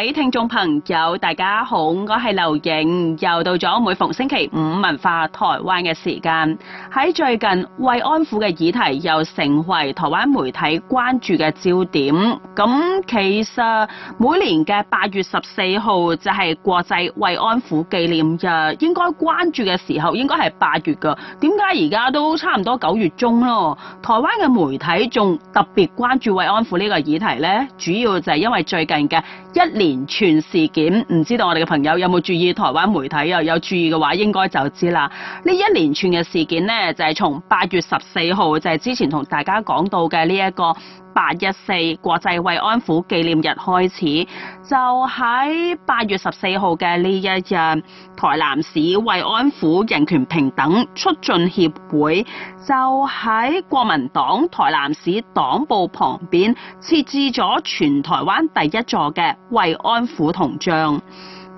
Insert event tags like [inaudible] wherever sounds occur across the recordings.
各位聽眾朋友，大家好，我係劉穎，又到咗每逢星期五文化台灣嘅時間。喺最近慰安婦嘅議題又成為台灣媒體關注嘅焦點。咁其實每年嘅八月十四號就係國際慰安婦紀念日，應該關注嘅時候應該係八月噶。點解而家都差唔多九月中咯？台灣嘅媒體仲特別關注慰安婦呢個議題咧，主要就係因為最近嘅一年。連串事件，唔知道我哋嘅朋友有冇注意？台灣媒體啊，有注意嘅話，應該就知啦。呢一連串嘅事件咧，就係從八月十四號，就係之前同大家講到嘅呢一個。八一四國際慰安婦紀念日開始，就喺八月十四號嘅呢一日，台南市慰安婦人權平等促進協會就喺國民黨台南市黨部旁邊設置咗全台灣第一座嘅慰安婦銅像，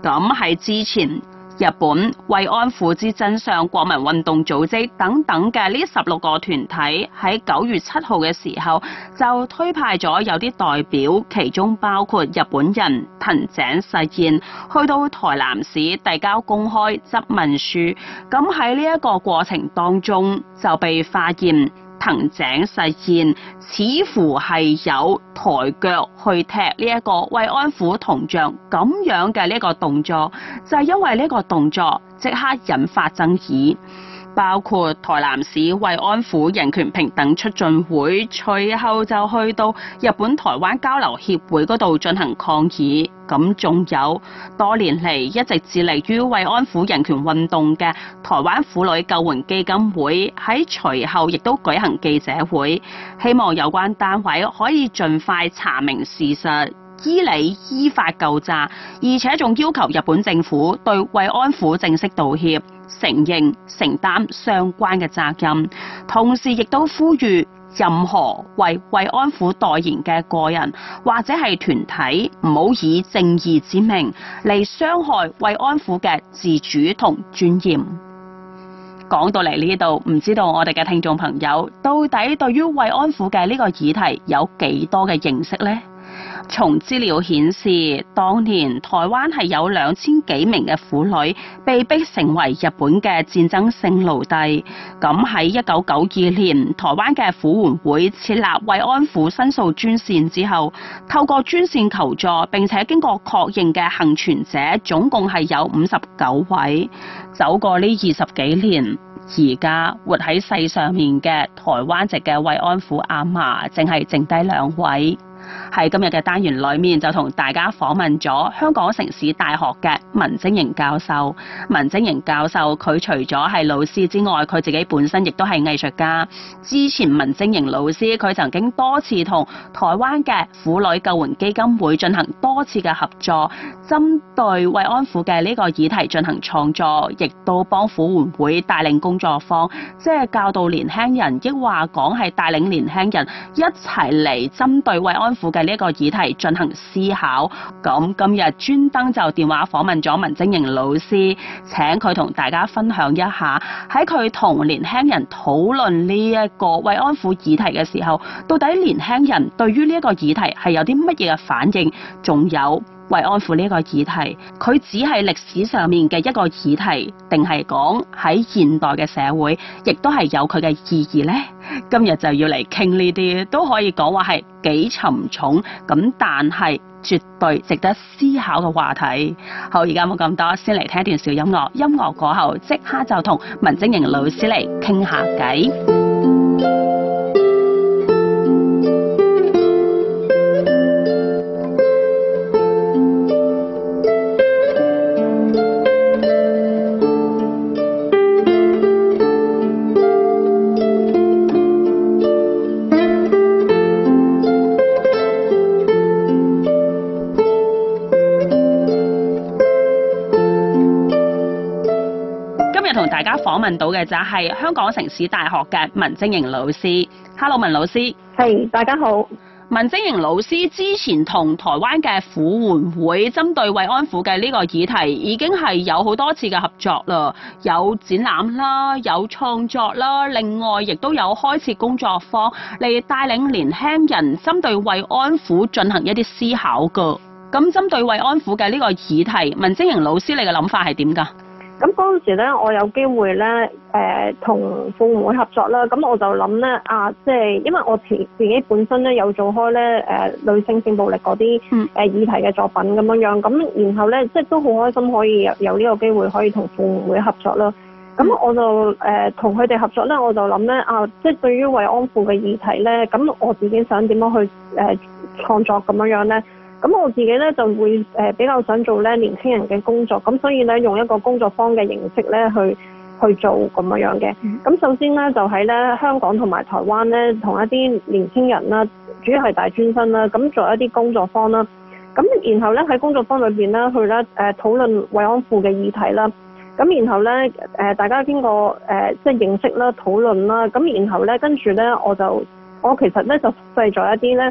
咁喺之前。日本慰安婦之真相國民運動組織等等嘅呢十六個團體喺九月七號嘅時候就推派咗有啲代表，其中包括日本人藤井實彥，去到台南市遞交公開質問書。咁喺呢一個過程當中就被發現。藤井實彥似乎係有抬腳去踢呢一個慰安婦銅像咁樣嘅呢個動作，就係、是、因為呢個動作即刻引發爭議。包括台南市慰安婦人權平等促進會，隨後就去到日本台灣交流協會嗰度進行抗議。咁仲有多年嚟一直致力於慰安婦人權運動嘅台灣婦女救援基金會，喺隨後亦都舉行記者會，希望有關單位可以盡快查明事實，依理依法救察，而且仲要求日本政府對慰安婦正式道歉。承認承擔相關嘅責任，同時亦都呼籲任何為慰安婦代言嘅個人或者係團體，唔好以正義之名嚟傷害慰安婦嘅自主同尊嚴。講到嚟呢度，唔知道我哋嘅聽眾朋友到底對於慰安婦嘅呢個議題有幾多嘅認識呢？從資料顯示，當年台灣係有兩千幾名嘅婦女被逼成為日本嘅戰爭性奴隸。咁喺一九九二年，台灣嘅婦援會設立慰安婦申訴專線之後，透過專線求助並且經過確認嘅幸存者，總共係有五十九位。走過呢二十幾年，而家活喺世上面嘅台灣籍嘅慰安婦阿嫲，淨係剩低兩位。喺今日嘅單元裏面，就同大家訪問咗香港城市大學嘅文晶瑩教授。文晶瑩教授佢除咗係老師之外，佢自己本身亦都係藝術家。之前文晶瑩老師佢曾經多次同台灣嘅婦女救援基金會進行多次嘅合作，針對慰安婦嘅呢個議題進行創作，亦都幫婦援會帶領工作坊，即係教導年輕人，亦話講係帶領年輕人一齊嚟針對慰安婦嘅。喺呢個議題進行思考，咁今日專登就電話訪問咗文晶瑩老師，請佢同大家分享一下喺佢同年輕人討論呢一個慰安婦議題嘅時候，到底年輕人對於呢一個議題係有啲乜嘢嘅反應，仲有。慰安婦這個議題，佢只係歷史上面嘅一個議題，定係講，在現代的社會，亦都係有佢嘅意義呢？今日就要嚟傾呢啲，都可以講話係幾沉重，噉，但係絕對值得思考嘅話題。好，現而家冇咁多，先嚟聽一段小音樂。音樂過後，即刻就同文晶瑩老師嚟傾下偈。訪問到嘅就係香港城市大學嘅文晶瑩老師。Hello，文老師。係，hey, 大家好。文晶瑩老師之前同台灣嘅婦援會針對慰安婦嘅呢個議題，已經係有好多次嘅合作啦，有展覽啦，有展覽啦，有創作啦，另外亦都有開設工作坊嚟帶領年輕人針對慰安婦進行一啲思考噶。咁針對慰安婦嘅呢個議題，文晶瑩老師你嘅諗法係點噶？咁嗰陣時咧，我有機會咧，誒同婦女會合作啦，咁我就諗咧，啊，即係因為我自自己本身咧有做開咧，誒女性性暴力嗰啲誒議題嘅作品咁樣樣，咁、嗯、然後咧，即係都好開心可以有有呢個機會可以同婦女會合作啦，咁、嗯、我就誒同佢哋合作咧，我就諗咧，啊，即係對於慰安婦嘅議題咧，咁我自己想點樣去誒創作咁樣樣咧？咁我自己咧就會、呃、比較想做咧年輕人嘅工作，咁所以咧用一個工作坊嘅形式咧去去做咁樣嘅。咁首先咧就喺咧香港同埋台灣咧同一啲年輕人啦，主要係大專生啦，咁做一啲工作坊啦。咁然後咧喺工作坊裏面呢，去咧、呃、討論慰安婦嘅議題啦。咁然後咧、呃、大家經過誒、呃、即係認識啦，討論啦。咁然後咧跟住咧我就我其實咧就設計咗一啲咧。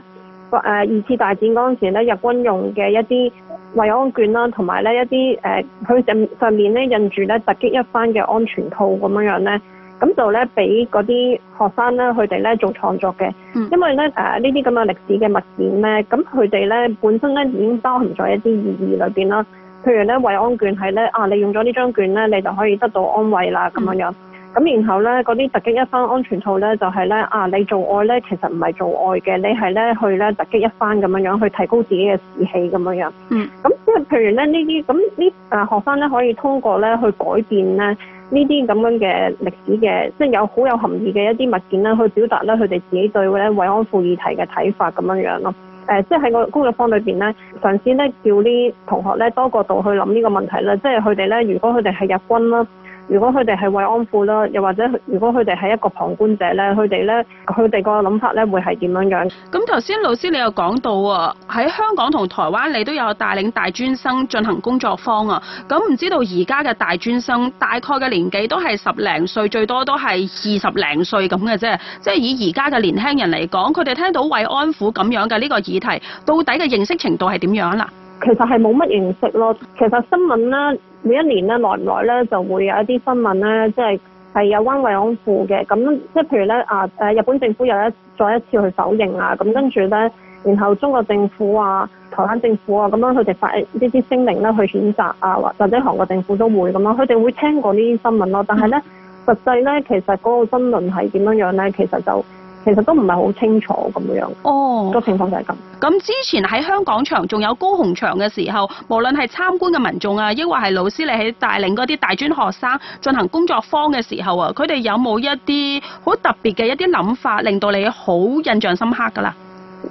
誒，二次大戰嗰陣時咧，日軍用嘅一啲慰安券啦，同埋咧一啲誒佢上面咧印住咧突擊一番嘅安全套咁樣樣咧，咁就咧俾嗰啲學生咧佢哋咧做創作嘅。因為咧誒呢啲咁嘅歷史嘅物件咧，咁佢哋咧本身咧已經包含咗一啲意義裏邊啦，譬如咧慰安券係咧啊，你用咗呢張券咧，你就可以得到安慰啦咁樣樣。嗯。咁然後咧，嗰啲突擊一番安全套咧，就係、是、咧啊，你做愛咧，其實唔係做愛嘅，你係咧去咧突擊一番咁樣樣去提高自己嘅士氣咁樣樣嗯。咁即係譬如咧呢啲，咁呢學生咧可以通過咧去改變咧呢啲咁樣嘅歷史嘅，即係有好有含義嘅一啲物件呢，去表達咧佢哋自己對咧慰安婦議題嘅睇法咁樣樣咯、呃。即係喺個工作坊裏面咧，嘗試咧叫啲同學咧多角度去諗呢個問題啦。即係佢哋咧，如果佢哋係日軍啦。如果佢哋係慰安婦啦，又或者如果佢哋係一個旁觀者咧，佢哋咧，佢哋個諗法咧會係點樣樣？咁頭先老師你又講到啊，喺香港同台灣你都有帶領大專生進行工作坊啊。咁唔知道而家嘅大專生大概嘅年紀都係十零歲，最多都係二十零歲咁嘅啫。即係以而家嘅年輕人嚟講，佢哋聽到慰安婦咁樣嘅呢個議題，到底嘅認識程度係點樣啦？其實係冇乜形式咯。其實新聞咧，每一年咧，耐唔耐咧，就會有一啲新聞咧，即係係有瘟慰安婦嘅。咁即係譬如咧，啊誒，日本政府又一再一次去否認啊。咁跟住咧，然後中國政府啊、台灣政府啊，咁樣佢哋發些聲呢啲聲明咧去譴責啊，或者韓國政府都會咁樣，佢哋會聽過呢啲新聞咯。但係咧，實際咧，其實嗰個爭論係點樣樣咧，其實就。其實都唔係好清楚咁樣。哦，個情況就係咁。咁之前喺香港場仲有高雄場嘅時候，無論係參觀嘅民眾啊，抑或係老師你喺帶領嗰啲大專學生進行工作坊嘅時候啊，佢哋有冇一啲好特別嘅一啲諗法，令到你好印象深刻㗎啦？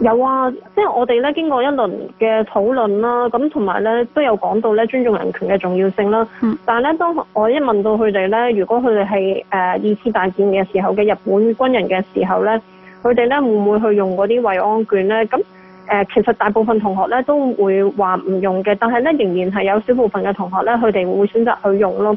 有啊，即係我哋咧經過一輪嘅討論啦，咁同埋咧都有講到咧尊重人權嘅重要性啦。嗯。但係咧，當我一問到佢哋咧，如果佢哋係誒二次大戰嘅時候嘅日本軍人嘅時候咧，佢哋咧唔會去用嗰啲慰安券咧？咁誒、呃，其實大部分同學咧都會話唔用嘅，但係咧仍然係有少部分嘅同學咧，佢哋會選擇去用咯。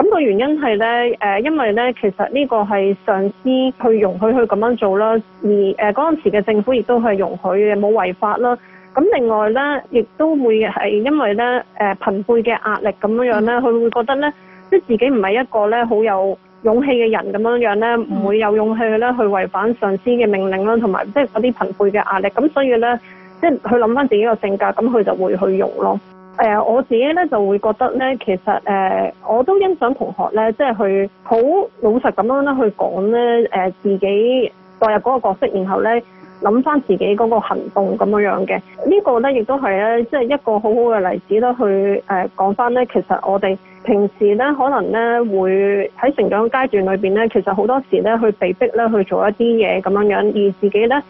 咁個原因係咧，誒、呃，因為咧，其實呢個係上司去容許佢咁樣做啦，而誒嗰陣時嘅政府亦都係容許嘅，冇違法啦。咁另外咧，亦都會係因為咧，誒、呃，朋輩嘅壓力咁樣樣咧，佢、嗯、會覺得咧，即係自己唔係一個咧好有勇氣嘅人咁樣樣咧，唔、嗯、會有勇氣咧去，去違反上司嘅命令啦，同埋即係嗰啲朋輩嘅壓力。咁所以咧，即係佢諗翻自己個性格，咁佢就會去用咯。誒我自己咧就會覺得咧，其實誒我都欣賞同學咧，即係去好老實咁樣咧去講咧，誒自己代入嗰個角色，然後咧諗翻自己嗰個行動咁樣樣嘅。呢個咧亦都係咧，即係一個好好嘅例子啦。去誒講翻咧，其實我哋平時咧可能咧會喺成長階段裏邊咧，其實好多時咧去被逼咧去做一啲嘢咁樣樣，而自己咧。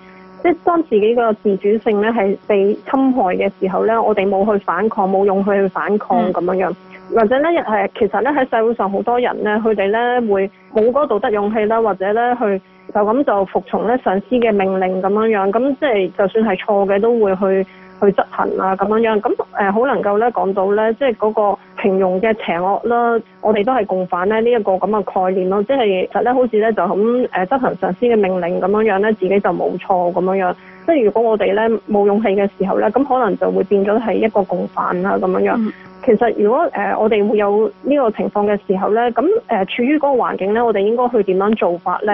即係當自己嘅自主性咧係被侵害嘅時候咧，我哋冇去反抗，冇用去反抗咁樣、嗯、樣，或者咧係其實咧喺社會上好多人咧，佢哋咧會冇嗰個道德勇氣啦，或者咧去就咁就服從咧上司嘅命令咁樣樣，咁即係就算係錯嘅都會去。去執行啊咁樣樣，咁好、呃、能夠咧講到咧，即係嗰個平庸嘅邪惡啦，我哋都係共犯咧呢一個咁嘅概念咯。即係其實咧，好似咧就咁、呃、執行上司嘅命令咁樣樣咧，自己就冇錯咁樣樣。即係如果我哋咧冇勇氣嘅時候咧，咁可能就會變咗係一個共犯啦咁樣樣。嗯、其實如果、呃、我哋會有呢個情況嘅時候咧，咁、呃、處於嗰個環境咧，我哋應該去點樣做法咧？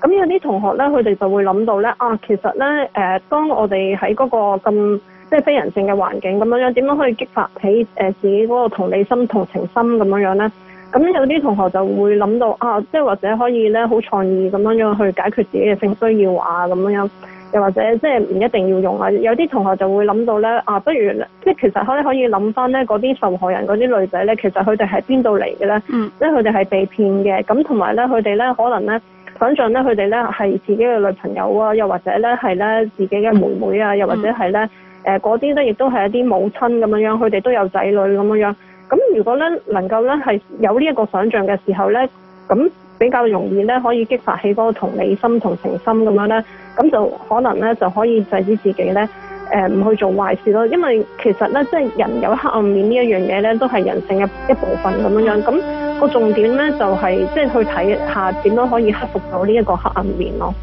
咁、嗯、有啲同學咧，佢哋就會諗到咧啊，其實咧誒、呃，當我哋喺嗰個咁。即係非人性嘅環境咁樣樣，點樣可以激發起誒、呃、自己嗰個同理心、同情心咁樣樣咧？咁有啲同學就會諗到啊，即係或者可以咧好創意咁樣樣去解決自己嘅性需要啊咁樣樣，又或者即係唔一定要用啊。有啲同學就會諗到咧啊，不如即係其實咧可以諗翻咧嗰啲受害人嗰啲女仔咧，其實佢哋係邊度嚟嘅咧？嗯，即係佢哋係被騙嘅，咁同埋咧佢哋咧可能咧，想像咧佢哋咧係自己嘅女朋友啊，又或者咧係咧自己嘅妹妹啊，嗯、又或者係咧。誒嗰啲咧，亦都係一啲母親咁樣樣，佢哋都有仔女咁樣樣。咁如果咧能夠咧係有呢一個想像嘅時候咧，咁比較容易咧可以激發起嗰個同理心、同情心咁樣咧，咁就可能咧就可以制止自己咧誒唔去做壞事咯。因為其實咧，即係人有黑暗面呢一樣嘢咧，都係人性嘅一部分咁樣樣。咁個重點咧就係即係去睇下點樣可以克服到呢一個黑暗面咯。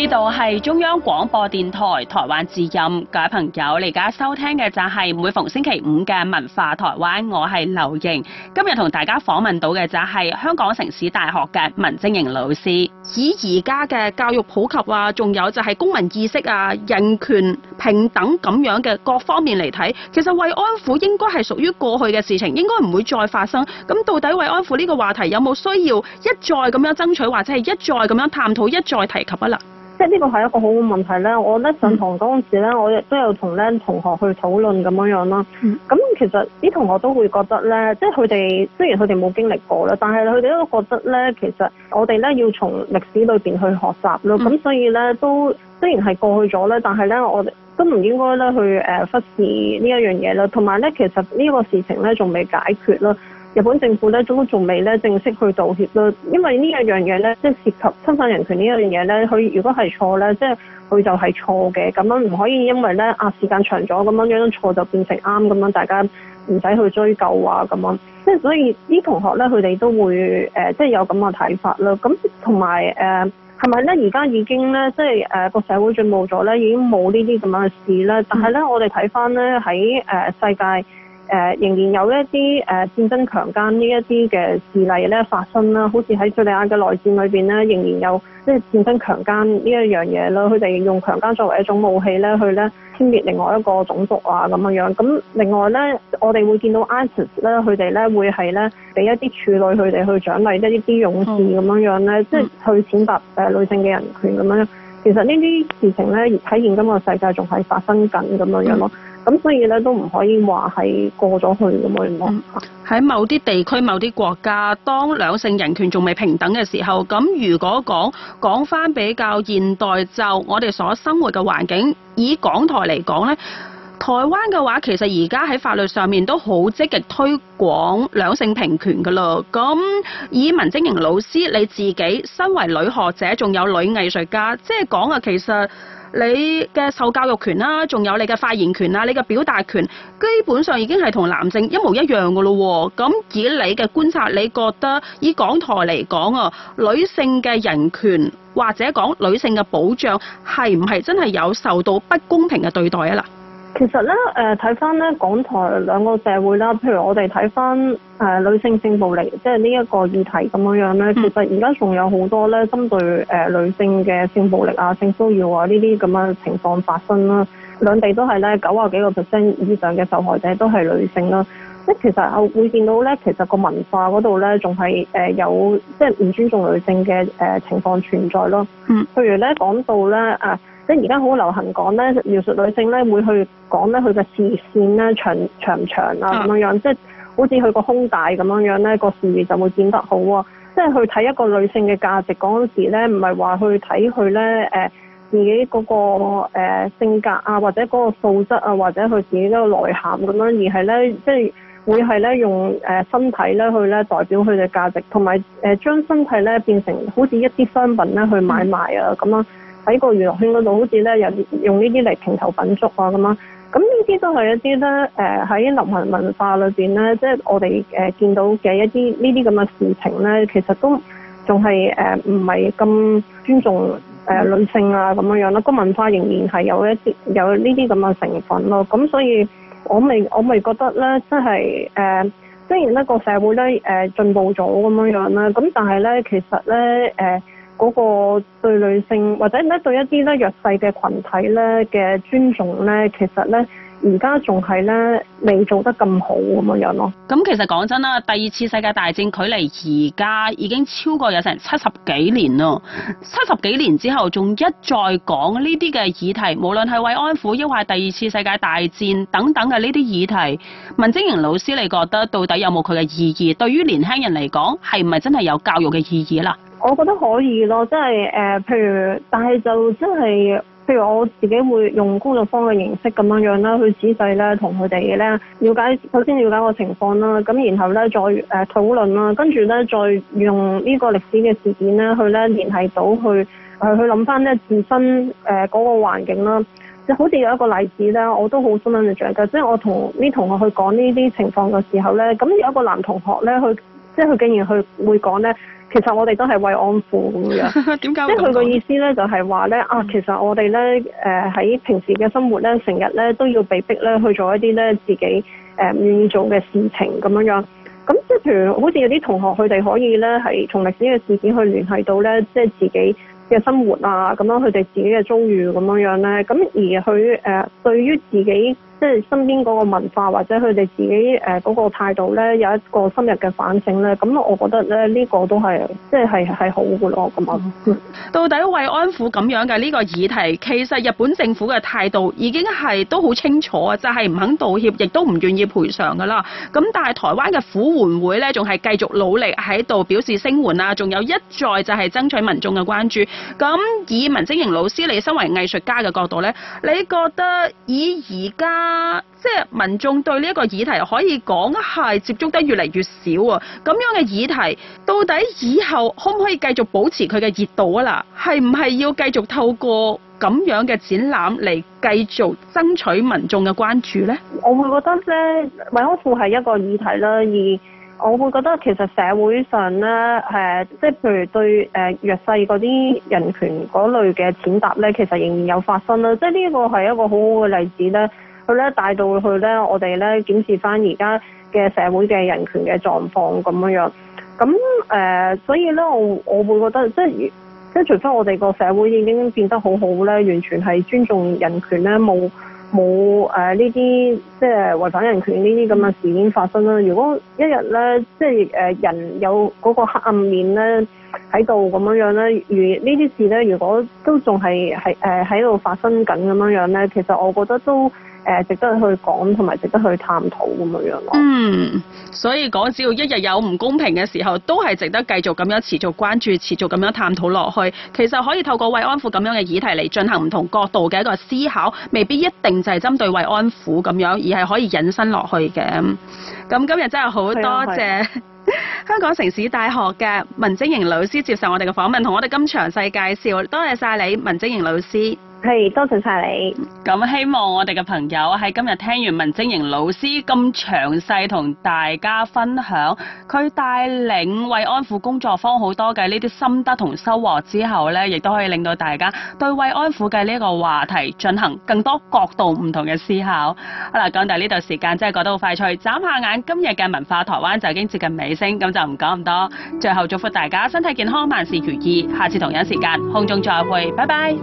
呢度係中央廣播電台台灣之音，各位朋友，你而家收聽嘅就係每逢星期五嘅文化台灣。我係劉瑩，今日同大家訪問到嘅就係香港城市大學嘅文晶瑩老師。以而家嘅教育普及啊，仲有就係公民意識啊、人權平等咁樣嘅各方面嚟睇，其實慰安婦應該係屬於過去嘅事情，應該唔會再發生。咁到底慰安婦呢個話題有冇需要一再咁樣爭取，或者係一再咁樣探討、一再提及啊？啦。即係呢個係一個好好問題咧，我咧上堂嗰陣時咧，我亦都有同咧同學去討論咁樣樣啦。咁其實啲同學都會覺得咧，即係佢哋雖然佢哋冇經歷過啦，但係佢哋都覺得咧，其實我哋咧要從歷史裏邊去學習咯。咁所以咧都雖然係過去咗咧，但係咧我哋都唔應該咧去誒忽視呢一樣嘢啦。同埋咧，其實呢個事情咧仲未解決啦。日本政府咧都仲未咧正式去道歉咯，因為呢一樣嘢咧，即係涉及侵犯人權呢一樣嘢咧，佢如果係錯咧，即係佢就係錯嘅，咁樣唔可以因為咧啊時間長咗咁樣樣錯就變成啱咁樣，大家唔使去追究啊咁樣，即係所以啲同學咧佢哋都會誒、呃、即係有咁嘅睇法咯。咁同埋誒係咪咧？而家、呃、已經咧，即係誒個社會進步咗咧，已經冇呢啲咁樣嘅事咧。嗯、但係咧，我哋睇翻咧喺誒世界。誒、呃、仍然有一啲誒、呃、戰爭強姦呢一啲嘅事例咧發生啦，好似喺敘利亞嘅內戰裏邊咧，仍然有即係、就是、戰爭強姦呢一樣嘢啦。佢哋用強姦作為一種武器咧，去咧殲滅另外一個種族啊咁樣樣。咁另外咧，我哋會見到 ISIS 咧，佢哋咧會係咧俾一啲處女佢哋去獎勵一啲啲勇士咁、嗯、樣樣咧，即係去踐踏誒、嗯呃、女性嘅人權咁樣。其實呢啲事情咧喺現今個世界仲係發生緊咁樣樣咯。嗯咁所以咧都唔可以話係過咗去咁樣。咯、嗯。喺某啲地區、某啲國家，當兩性人權仲未平等嘅時候，咁如果講講翻比較現代就我哋所生活嘅環境，以港台嚟講咧，台灣嘅話，其實而家喺法律上面都好積極推廣兩性平權噶咯。咁以文晶瑩老師你自己身為女學者，仲有女藝術家，即係講啊，其實。你嘅受教育權啦，仲有你嘅發言權啦，你嘅表達權，基本上已經係同男性一模一樣嘅咯。咁以你嘅觀察，你覺得以港台嚟講啊，女性嘅人權或者講女性嘅保障，係唔係真係有受到不公平嘅對待啊嗱？其實咧，誒、呃，睇翻，咧港台兩個社會啦，譬如我哋睇翻誒女性性暴力，即係呢一個議題咁樣樣咧，其實而家仲有好多咧針對誒、呃、女性嘅性暴力啊、性騷擾啊呢啲咁樣情況發生啦、啊。兩地都係咧九啊幾個 percent 以上嘅受害者都係女性啦，即係其實我會見到咧，其實，其實個文化嗰度咧仲係誒有即係唔尊重女性嘅誒、呃、情況存在咯。嗯，譬如咧講到咧即係而家好流行講咧，描述女性咧會去講咧佢嘅視線咧長長唔長啊咁樣，即係好似佢個胸大咁樣樣咧，個視野就會見得好啊！即係去睇一個女性嘅價值嗰陣時咧，唔係話去睇佢咧誒自己嗰、嗰個、呃、性格啊，或者嗰個素質啊，或者佢自己嗰個內涵咁樣，而係咧即係會係咧用誒、呃、身體咧去咧代表佢嘅價值，同埋誒將身體咧變成好似一啲商品咧去買賣啊咁、嗯、樣。喺個娛樂圈嗰度，好似咧有用呢啲嚟評頭品足啊咁樣，咁呢啲都係一啲咧誒喺流行文化裏邊咧，即、就、係、是、我哋誒、呃、見到嘅一啲呢啲咁嘅事情咧，其實都仲係誒唔係咁尊重誒、呃、女性啊咁樣樣咯，個文化仍然係有一啲有呢啲咁嘅成分咯、啊，咁所以我咪我咪覺得咧，即係誒雖然呢個社會咧誒、呃、進步咗咁樣樣啦，咁但係咧其實咧誒，呃嗰個對女性或者咧對一啲咧弱勢嘅群體咧嘅尊重咧，其實咧而家仲係咧未做得咁好咁嘅樣咯。咁其實講真啦，第二次世界大戰距離而家已經超過有成七十幾年咯。 [laughs] 七十幾年之後，仲一再講呢啲嘅議題，無論係慰安婦，抑或係第二次世界大戰等等嘅呢啲議題，文晶瑩老師，你覺得到底有冇佢嘅意義？對於年輕人嚟講，係唔係真係有教育嘅意義啦？我覺得可以咯，即係誒，譬如，但係就即係，譬如我自己會用工作坊嘅形式咁樣樣啦，去仔細咧同佢哋咧了解，首先了解個情況啦，咁然後咧再、呃、討論啦，跟住咧再用呢個歷史嘅事件咧去咧聯繫到去、呃、去諗翻咧自身嗰、呃那個環境啦，即好似有一個例子咧，我都好新嘅掌教，即、就、係、是、我同啲同學去講呢啲情況嘅時候咧，咁有一個男同學咧佢即係佢竟然去會講咧。其實我哋都係 [laughs] 慰安婦㗎。點解？即係佢個意思咧，就係話咧啊，其實我哋咧誒喺平時嘅生活咧，成日咧都要被迫咧去做一啲咧自己誒唔願意做嘅事情咁樣樣。咁即係譬如好似有啲同學佢哋可以咧係從歷史嘅事件去聯繫到咧，即係自己嘅生活啊，咁樣佢哋自己嘅遭遇咁樣樣咧，咁而佢誒、呃、對於自己。即係身邊嗰個文化或者佢哋自己誒嗰、呃那個態度咧，有一個深入嘅反省咧，咁我覺得咧呢、這個都係即係係係好互愛嘅嘛。 [laughs] 到底慰安婦咁樣嘅呢個議題，其實日本政府嘅態度已經係都好清楚啊，就係、是、唔肯道歉，亦都唔願意賠償㗎啦。咁但係台灣嘅婦援會咧，仲係繼續努力喺度表示聲援啊，仲有一再就係爭取民眾嘅關注。咁以文晶瑩老師你身為藝術家嘅角度咧，你覺得以而家？啊，即係民眾對呢一個議題可以講係接觸得越嚟越少啊，咁樣嘅議題到底以後可唔可以繼續保持佢嘅熱度啊？啦，係唔係要繼續透過咁樣嘅展覽嚟繼續爭取民眾嘅關注咧？我會覺得咧，慰安婦係一個議題啦，而我會覺得其實社會上咧，誒，即係譬如對誒、呃、弱勢嗰啲人權嗰類嘅踐踏咧，其實仍然有發生啦，即係呢一個係一個很好好嘅例子咧。佢咧帶到去咧，我哋咧檢視翻而家嘅社會嘅人權嘅狀況咁樣樣，咁誒、呃，所以咧我我會覺得即係即係，除非我哋個社會已經變得好好咧，完全係尊重人權咧，冇冇誒呢啲即係違反人權呢啲咁嘅事件發生啦。如果一日咧，即係誒、呃、人有嗰個黑暗面咧喺度咁樣樣咧，如呢啲事咧，如果都仲係係誒喺度發生緊咁樣樣咧，其實我覺得都誒值得去講同埋值得去探討咁樣樣咯。嗯，所以講只要一日有唔公平嘅時候，都係值得繼續咁樣持續關注、持續咁樣探討落去。其實可以透過慰安婦咁樣嘅議題嚟進行唔同角度嘅一個思考，未必一定就係針對慰安婦咁樣，而係可以引申落去嘅。咁今日真係好多謝、啊啊、 [laughs] 香港城市大學嘅文晶瑩老師接受我哋嘅訪問，同我哋咁詳細介紹，多謝晒你，文晶瑩老師。.係，多謝晒你。咁希望我哋嘅朋友喺今日聽完文晶瑩老師咁詳細同大家分享，佢帶領慰安婦工作坊好多嘅呢啲心得同收穫之後呢，亦都可以令到大家對慰安婦嘅呢一個話題進行更多角度唔同嘅思考。好、啊、啦，講到呢度時間真係過得好快趣。眨下眼今日嘅文化台灣就已經接近尾聲，咁就唔講咁多。最後祝福大家身體健康，萬事如意。下次同樣時間空中再會，拜拜。